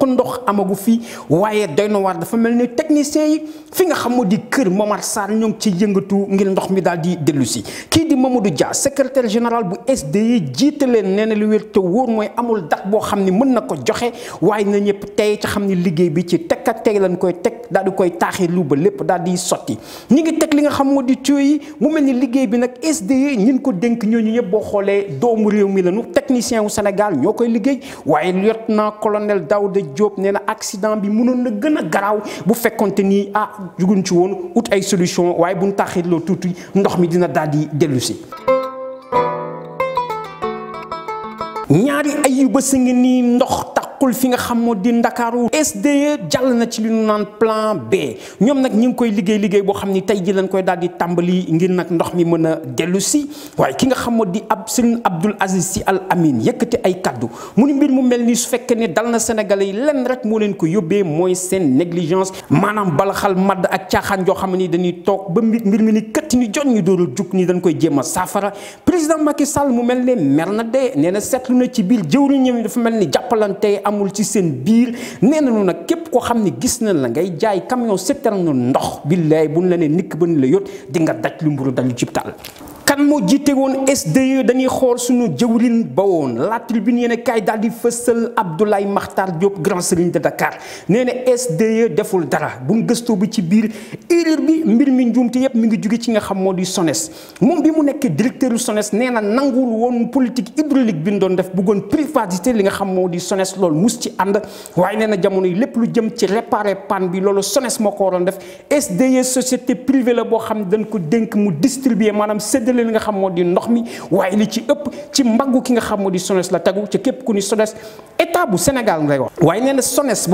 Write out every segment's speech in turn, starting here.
toq ndox amagu fi waaye doy na waar dafa mel ni technicien yi fi nga xam moo di kër Momar Sarr ñoo ngi ci yëngatu ngir ndox mi daal di dellu si kii di Mamadou jaar secrétaire général bu SDE jiite leen nee na lu wér te wóor mooy amul date boo xam ni mën na ko joxe waaye na ñëpp tey ci xam ni liggéey bi ci teg ak tey lañ koy teg daal di koy taaxee lu ba lépp daal di sotti ñu ngi teg li nga xam moo di tuyau yi mu mel ni liggéey bi nag SDE ñun ko dënk ñooñu ñëpp boo xoolee doomu réew mi lañu technicien wu Sénégal ñoo koy liggéey Diop néna na accident bi mënoon na gën a bu fekkonté ni ah juguñ ci won out ay solution waye buñ taxirloo tuuti ndox mi dina daal di dellu ñaari ay yu ngi ndox dàqul fi nga xam moo di ndakaaru SDE jàll na ci li ñu naan plan B ñoom nag ñu ngi koy liggéey liggéey boo xam ni tey ji lañ koy daal di tàmbali ngir nag ndox mi mën a dellu si waaye ki nga xam moo di ab Serigne Abdoul Aziz Sy Al Amine yëkkati ay kaddu mu ni mbir mu mel ni su fekkee ne dal na Sénégalais yi lenn rek moo leen ko yóbbee mooy seen négligence maanaam balaxal madd ak caaxaan joo xam ne dañuy toog ba mbir mi ni këtt ni jot ñu dooru jug ni dañ koy jéem a saafara président Macky Sall mu mel ne mer na dee nee amul ci seen biir nee nañu nag képp koo xam ne gis nañ la ngay jaay camion seetal na ndox billaay buñ la ne nikk ba ni la yót di nga daj lu mburu dalu cib taal kan moo jiite woon SDE dañuy xool suñu jëwriñ ba woon la tribune yéen kaay daal di fësal Abdoulaye Makhtar Diop grand serigne de Dakar nee SDE deful dara bu mu gëstoo bi ci biir erreur bi mbir mi njuumte yépp mu ngi jóge ci nga xam moo di SONES moom bi mu nekk directeur SONES nee na nanguwul woon politique hydraulique bi ñu doon def bëggoon privatisé li nga xam moo di SONES loolu mus ci ànd waaye nee jamono yi lépp lu jëm ci réparer panne bi loolu SONES moo ko waroon def SDE société la boo xam ne dañ ko dénk mu distribuer maanaam li nga xam moo di ndox mi waaye li ci ëpp ci mbaggu ki nga xam moo di SONES la tegu ca képp ku ni SONES état bu Sénégal ngay wax waaye nee na SONES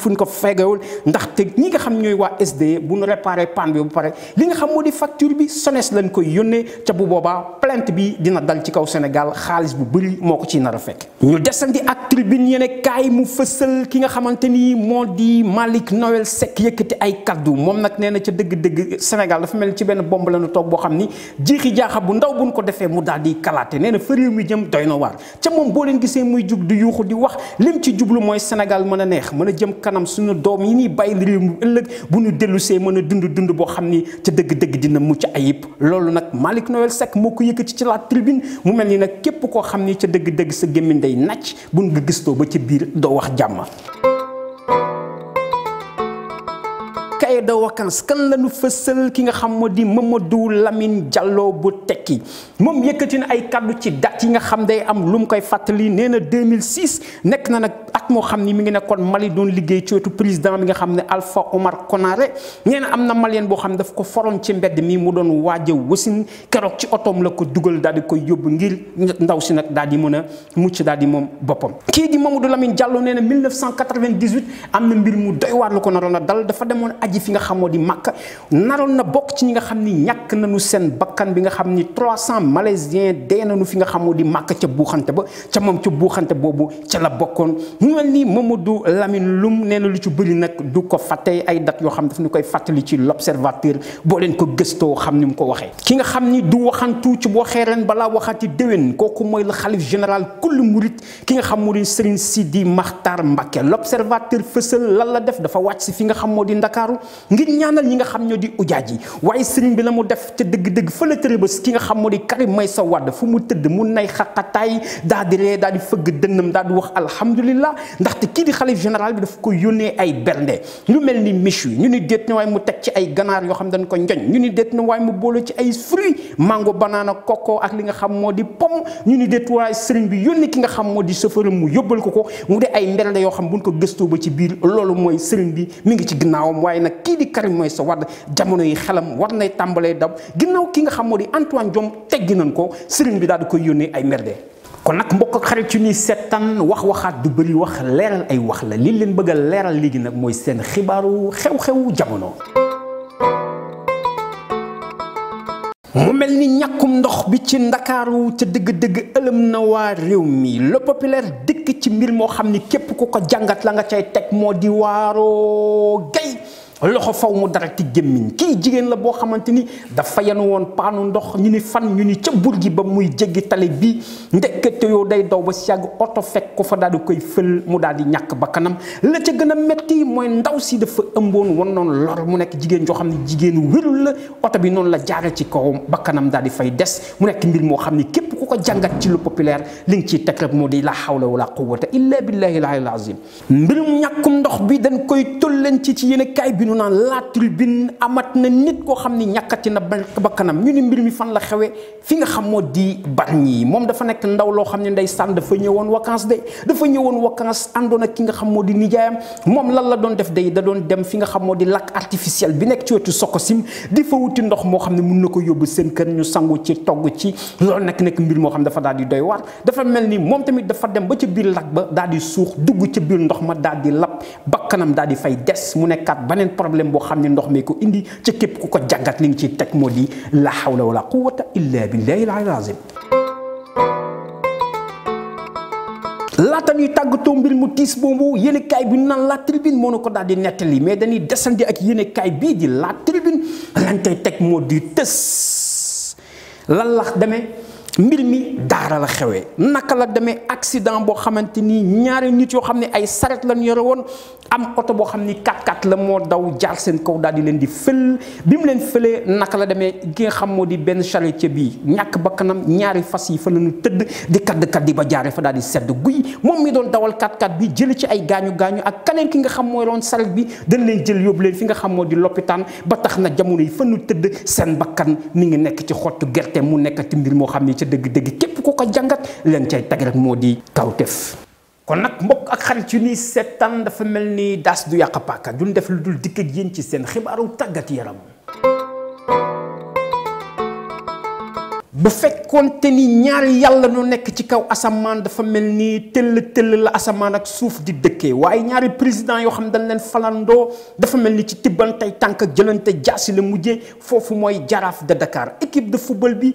e ko feegawul ndaxte ñi nga xam ñooy waa SDE bu bi nga xam moo di facture bi SONES lañ koy yónnee ca bu boobaa plainte bi dina dal ci kaw Sénégal xaalis bu bëri moo ko ciy nar a fekk ñu desandi ak tribune yene kaay mu fësal ki nga xamante ni moo di Malick Noël Seck yëkkati ay kaddu moom nag nee ca dëgg-dëgg Sénégal dafa mel ci benn bomb la ñu toog boo xam ni jiixi jaaxa bu ndaw bu buñ ko defee mu daal di kalaate nee na fa réew mi jëm doy na waar ca moom boo leen gisee muy jub di yuuxu di wax lim ci jublu mooy Sénégal mën a neex mën a jëm kanam suñu doom yi ñuy bàyyi réew mu ëllëg bu ñu dellusee mën a dund dund boo xam ni ca dëgg-dëgg dina mucc ayib loolu nag Malick Noël sekk moo ko yëkkati ci la tribune mu mel ni nag képp koo xam ni ca dëgg-dëgg sa gémmiñ day nàcc buñ nga ba ci biir doo wax jàmm parler de vacances kan la ñu fësal ki nga xam moo di Mamadou Lamine Diallo bu tekki moom yëkkati na ay kàddu ci date yi nga xam day am lu mu koy fàttali nee na 2006 nekk na nag at moo xam ni mi ngi nekkoon Mali doon liggéey ci wetu président bi nga xam ne Alpha Omar Konaré nee na am na malien boo xam ne daf ko foroon ci mbedd mi mu doon waaj a wasin keroog ci otoom la ko dugal daal di koy yóbbu ngir ndaw si nag daal di mën a mucc daal di moom boppam kii di Mamadou Lamine Diallo nee na 1998 am na mbir mu doy waar lu ko naroon a dal dafa demoon aji fi fi nga xam moo di Makka naroon na bokk ci ñi nga xam ni ñàkk nañu seen bakkan bi nga xam ni 300 malaisiens dee nañu fi nga xam moo di Makka ca buuxante ba ca moom ca buuxante boobu ca la bokkoon mu mel ni Mamadou Lamine Loum nee na lu ci bëri nag du ko fàtte ay date yoo xam daf ñu koy fàttali ci l'observateur boo leen ko gëstoo xam ni mu ko waxee. ki nga xam ni du waxantu ci boo xee ren balaa waxati déwén kooku mooy la xalif général kullu murit ki nga xam moo di Serigne Sidi Makhtar Mbacké l'observateur fësal lan la def dafa wàcc si fi nga xam di Ndakaaru ngir ñaanal ñi nga xam ñoo di ujaaj yi waaye sëriñ bi la mu def ca dëgg-dëgg fële tërëbës ki nga xam moo di Karim Meïssa Wade fu mu tëdd mun nay xaqataay daa di ree daa di fëgg dënnam daa di wax alhamdulilah ndaxte kii di xalif général bi dafa ko yónnee ay bernde lu mel ni miche yi ñu ni déet na waaye mu teg ci ay ganaar yoo xam dañ ko njoñ ñu ni déet na waaye mu boole ci ay fruits mango banaana kokko ak li nga xam moo di pomme ñu ni déet waaye sëriñ bi yónni ki nga xam moo di chauffeur mu yóbbal ko ko mu di ay mbernde yoo xam buñ ko gëstoo ba ci biir loolu mooy sëriñ bi mi ngi ci ginnaawam waaye nag ki di Karim moy sa wad jamono yi xalam war nay tambale dab ginnaw ki nga xam modi Antoine diom teggi ko serigne bi dal di koy ay merde kon nak mbok xarit ci ni setan wax waxat du bari wax leral ay wax la li leen beugal leral ligi nak moy sen xibaaru xew xew jamono. mu melni ni ndox bi ci ndakaaru ci deug deug ëlëm na wa rew mi le populaire dik ci mbir mo xamni kep ku ko jangat la nga cey tek modi waro gay loxo faw mu dara ci gémmiñ kii jigéen la boo xamante ni dafa yanu woon paanu ndox ñu ni fan ñu ni ca bur gi ba muy jéggi tali bi ndekkate yow day daw ba si yàgg oto fekk ko fa daal di koy fël mu daal di ñàkk ba kanam gën metti mooy ndaw si dafa ëmboon wan noonu lor mu nekk jigéen joo xam ne jigéenu wérul la oto bi noonu la jaare ci kawam ba kanam daal di fay des mu nekk mbir moo xam ni képp ku ko jàngat ci lu populaire li nga ciy teg rek moo di la hawla wala quwwata illa billahi al aliyyil azim ñu naan la tribune amat na nit koo xam ni ñàkkati na bakkanam ñu mbir mi fan la xewee fi nga xam moo di Bargny moom dafa nekk ndaw loo xam ne ndeysaan dafa ñëwoon vacances de dafa ñëwoon vacances àndoon ak ki nga xam moo di nijaayam moom lan la doon def day da doon fi nga xam moo di lac artificiel bi nekk ci wetu Sococim di fa wuti ndox moo xam ne mun na ko yóbbu seen kër ñu ci togg ci loolu nekk nekk mbir moo xam dafa daal di doy waar dafa mel ni moom tamit dafa dem ba ca biir lac ba daal di suux dugg ca biir ndox ma daal di lab bakkanam daal di fay des mu nekkaat beneen problem bo xamni ndox mi ko indi ci kep ku ko jagat li nga ci tek modi la hawla wala quwwata illa billahi al azim laata ñuy tàggatoo mbir mu tis tiis yene kay bi nan la tribune moo na ko daal di netali mais dañi descendi ak yene kay bi di la tribune lañ tay tek modi tës lan la xame mbir mi daara la xewee naka la demee accident boo xamante ni ñaari nit yoo xam ne ay saret lañ yore woon am oto boo xam ni 4 x la moo daw jaar seen kaw daal di leen di fël bi mu leen fëlee naka la demee ki nga xam moo di benn charretier bi ñàkk bakkanam ñaari fas yi fa la ñu tëdd di kadd kaddi ba jaaree fa daal di sedd guy moom mi doon dawal 4 bi jël ci ay gaañu gaañu ak keneen ki xam mooy loon saret bi dañ leen jël yóbbu leen fi nga xam moo di loppitaan ba tax na jamono yi fa ñu tëdd seen bakkan mi ngi nekk ci xottu gerte mu nekk ci mbir moo xam ne ci deug deug kep ko ko jangat len cay teg rek moo kaw def kon nak mbok ak xarit ci ni setan dafa melni das du yàq paaka duñ def lu dul dik ak yeen ci sen xibaaru tagat yaram bu fekkonté ni ñaar yalla nu nekk ci kaw asaman dafa melni teul teul la asaman ak suuf di dekké waye ñaari président yo xam dañ leen falando dafa melni ci tibantay tank ak jëlante jaasi la mujjee foofu mooy de Dakar équipe de football bi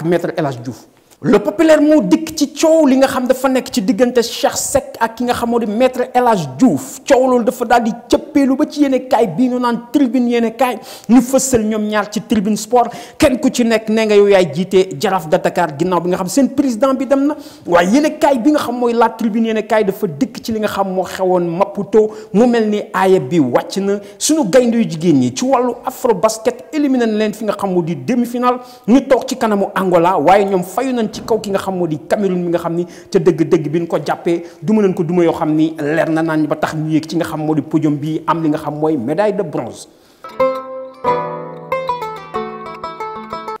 ak maître El Hadj Diouf le populaire moo dikk ci coow li nga xam dafa nekk ci diggante Cheikh Seck ak ki nga xamoo di maître El Hadj Diouf coow loolu dafa daal di cëppeelu ba ci yéene kaay bii tribune yéene kaay fësal ñoom ñaar ci tribune sport kenn ku ci nekk nee nga yow yaay jiite jaraaf de Dakar ginnaaw bi nga xam seen président bi dem na waaye yéene bi nga xam mooy la tribune yéene dafa dikk ci li nga xam moo xewoon Maputo mu mel ni aaya bi wàcc na suñu gaynde yu jigéen ñi ci wàllu afro basket éliminé na leen fi nga xam moo di demi final ñu toog ci kanamu Angola waaye ñoom fayu nañ ci kaw ki nga xam moo di Cameroun mi nga xam ni ca dëgg-dëgg bi nu ko jàppee duma nañ ko duma yoo xam ni leer na naan ba tax ñu yéeg ci nga xam moo di podium bi am li nga xam mooy médaille de bronze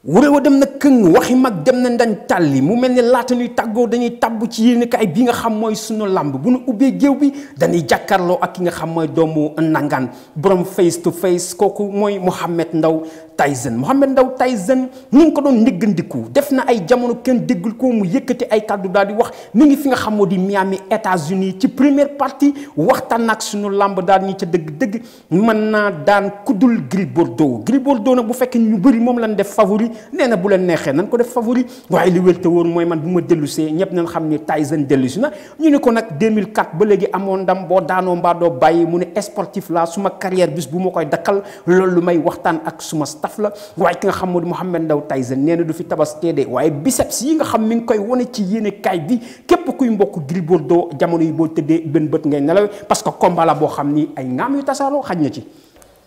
wuré wa dem na këng waxi mag dem na ndañ tàlli mu mel ne laata ñuy tàggoo dañuy tàbb ci kaay bii nga xam mooy sunu làmb bu nu ubbee géew bi dañuy jàkkaarloo ak ki nga xam mooy doomu nangaan borom face to face kooku mooy Mouhamed Ndaw Tyson Mohamed Ndao Tyson ni nga ko doon néggandiku def na ay jamono kenn déggul ko mu yëkkati ay kàddu daal di wax mi fi nga xamoo di Miami États-Unis ci première partie waxtaan ak suñu làmb daal ñi ca dëgg-dëgg man naa daan kuddul Gris Bordeaux Gris Bordeaux nag bu fekkee ñu bëri moom lañ def favori nee na bu leen neexee nañ ko def favori waaye li wér te wóor mooy man bu ma dellusee ñëpp nañ xam ne Tyson dellusi na ñu ne ko nag 2004 ba léegi amoon ndam boo daanoo doo bàyyi mu ne sportif la suma carrière bis bu ma koy dakkal loolu may waxtaan ak taf la waaye ki nga xam moo di Mohamed Ndao Tyson nee na du fi tabaskee de waaye biceps yi nga xam mi ngi koy wane ci yéene bi képp kuy mbokk Gris Bordeaux jamono yi boo tëddee benn bët ngay nelaw parce que combat la boo xam ni ay ngaam yu tasaaroo xaj na ci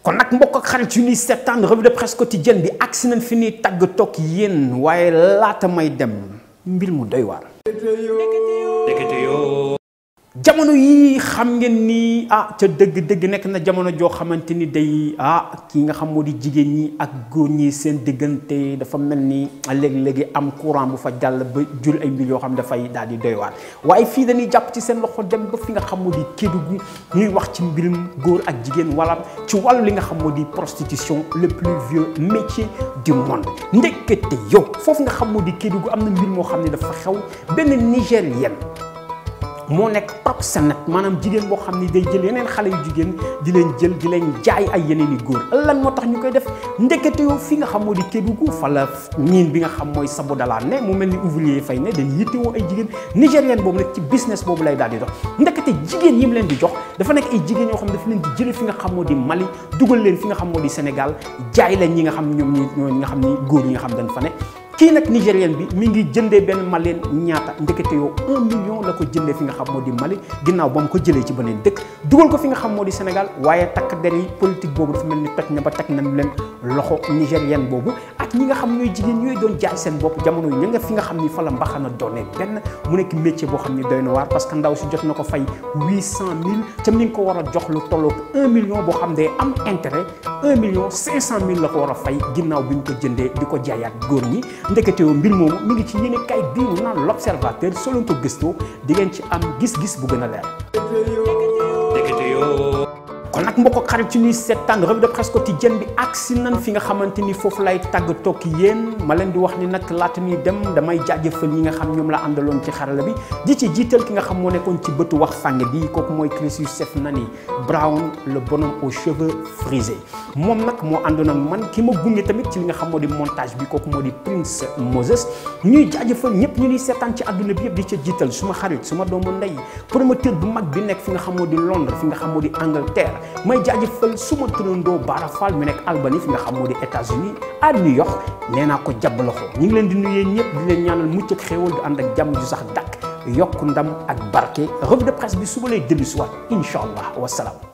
kon nag mbokk ak xarit yu ñuy seetaan revue de presse quotidienne bi agsi nañ fi ñuy tàgg toog yéen waaye laata may dem mbir mu doy waar. jamono yii xam ngeen ni ah ca dëgg-dëgg nekk na jamono joo xamante ni day ah kii nga xam di jigéen ñi ak góor ñi seen diggante dafa mel ni léegi-léegi am courant bu fa jàll ba jur ay mbir yoo xam ne dafay daal di doy waat waaye fii dañuy jàpp ci seen loxo dem ba fi nga xam moo di Kédougou ñuy wax ci mbirum góor ak jigéen wala ci wàllu li nga xam di prostitution le plus vieux métier du monde ndekete yow foofu nga xam moo di Kédougou am na mbir moo xam ne dafa xew benn nigérienne moo nekk proxénète maanaam jigéen boo xam ni day jël yeneen xale yu jigéen di leen jël di leen jaay ay yeneen i góor lan moo tax ñu koy def ndekete yow fi nga xam moo di Kédougou fa la mine bi nga xam mooy Sabodala ne mu mel ni ouvrier fay ne day yittewoo ay jigéen nigérienne boobu nag ci business boobu lay daal di dox ndekete jigéen yi mu leen di jox dafa nekk ay jigéen yoo xam dafa leen di jële fi nga xam moo di Mali dugal leen fi nga xam moo di Sénégal jaay leen ñi nga xam ñoom ñi nga xam ni góor ñi nga xam dañ fa ne kii nag nigérien bi mi ngi jëndee benn malien ñaata ndekete yoo un million la ko jëndee fi nga xam moo di Mali ginnaaw ba mu ko jëlee ci beneen dëkk dugal ko fi nga xam moo di Sénégal waaye takk der yi politique boobu dafa mel ni toj na ba teg nañ leen loxo nigérien boobu ak ñi nga xam ñooy jigéen ñooy doon jaay seen bopp jamono yi nga fi nga xam ni fa la mbaxana doonee benn mu nekk métier boo xam ni doy na waar parce que ndaw si jot na ko fay huit cent mille ca ngi ko war a jox lu tolloog un million boo xam ne am intérêt un million cinq cent mille la ko war a fay ginnaaw bi ñu ko jëndee di ko jaayaat góor ñi ndeketewoo mbir moom mu ngi ci yéene kay biiru naan l'observateur soo leen ko gëstoo di ngeen ci am gis-gis bu gën a leer kon nak mbokk xarit ci ni seetaan revue de presse quotidienne bi agsi nan fi nga xamanteni fofu lay tag tok yeen ma len di wax ni nak lat ni dem damay jaajëfal ñi nga xam ñom la andalon ci xarala bi di ci jiital ki nga xam mo nekkon ci bëtu wax fànge bi kok moy Chris chef Nani Brown le bonhomme aux cheveux frisés mom nak mo andon ak man ki ma gungi tamit ci li nga xam moo di montage bi kok moo di Prince Moses ñuy jaajëfal ñep ñu ni setan ci aduna bi yeb di ci jiital suma xarit suma doomu ndey promoteur bu mag bi nek fi nga xam moo di Londres fi nga xam moo di Angleterre may jaajëfal suma turandoo Bara Fall mi nekk Albany fi nga xam moo di États-Unis à New York nee naa ko jàpp loxo ñu ngi leen di nuyu ñëpp di leen ñaanal mucc ak xéewal di ànd ak jàmm ju sax dàkk yokk ndam ak barke revue de presse bi suba lay dellu si waat incha allah wasalaam.